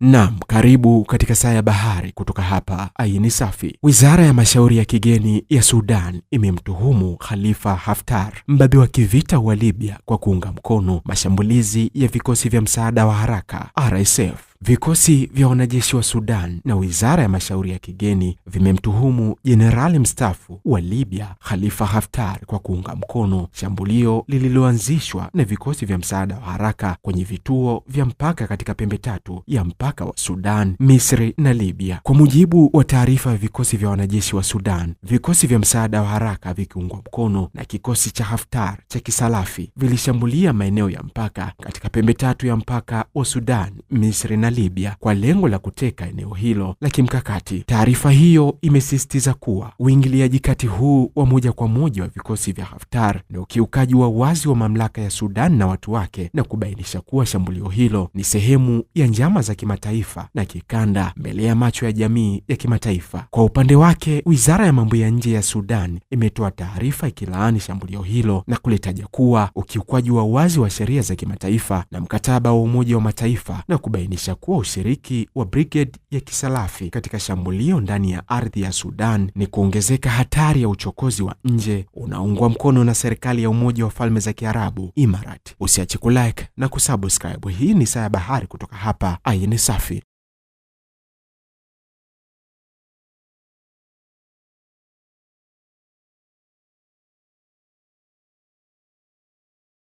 Nam, karibu katika Saa ya Bahari kutoka hapa Ayin Safi. Wizara ya Mashauri ya Kigeni ya Sudan imemtuhumu Khalifa Haftar, mbabe wa kivita wa Libya, kwa kuunga mkono mashambulizi ya vikosi vya msaada wa haraka RSF Vikosi vya wanajeshi wa Sudan na wizara ya mashauri ya kigeni vimemtuhumu jenerali mstaafu wa Libya Khalifa Haftar kwa kuunga mkono shambulio lililoanzishwa na vikosi vya msaada wa haraka kwenye vituo vya mpaka katika pembe tatu ya mpaka wa Sudan, Misri na Libya. Kwa mujibu wa taarifa ya vikosi vya wanajeshi wa Sudan, vikosi vya msaada wa haraka vikiungwa mkono na kikosi cha Haftar cha kisalafi vilishambulia maeneo ya mpaka katika pembe tatu ya mpaka wa Sudan, Misri na na Libya kwa lengo la kuteka eneo hilo la kimkakati. Taarifa hiyo imesisitiza kuwa uingiliaji kati huu wa moja kwa moja wa vikosi vya Haftar ni ukiukaji wa wazi wa mamlaka ya Sudan na watu wake, na kubainisha kuwa shambulio hilo ni sehemu ya njama za kimataifa na kikanda mbele ya macho ya jamii ya kimataifa. Kwa upande wake, Wizara ya Mambo ya Nje ya Sudan imetoa taarifa ikilaani shambulio hilo na kulitaja kuwa ukiukwaji wa wazi wa sheria za kimataifa na mkataba wa Umoja wa Mataifa na kubainisha kuwa ushiriki wa brigade ya Kisalafi katika shambulio ndani ya ardhi ya Sudan ni kuongezeka hatari ya uchokozi wa nje unaungwa mkono na serikali ya Umoja wa Falme za Kiarabu imarat Usiache kulike na kusubscribe. Hii ni Saa ya Bahari kutoka hapa Ayin Safi.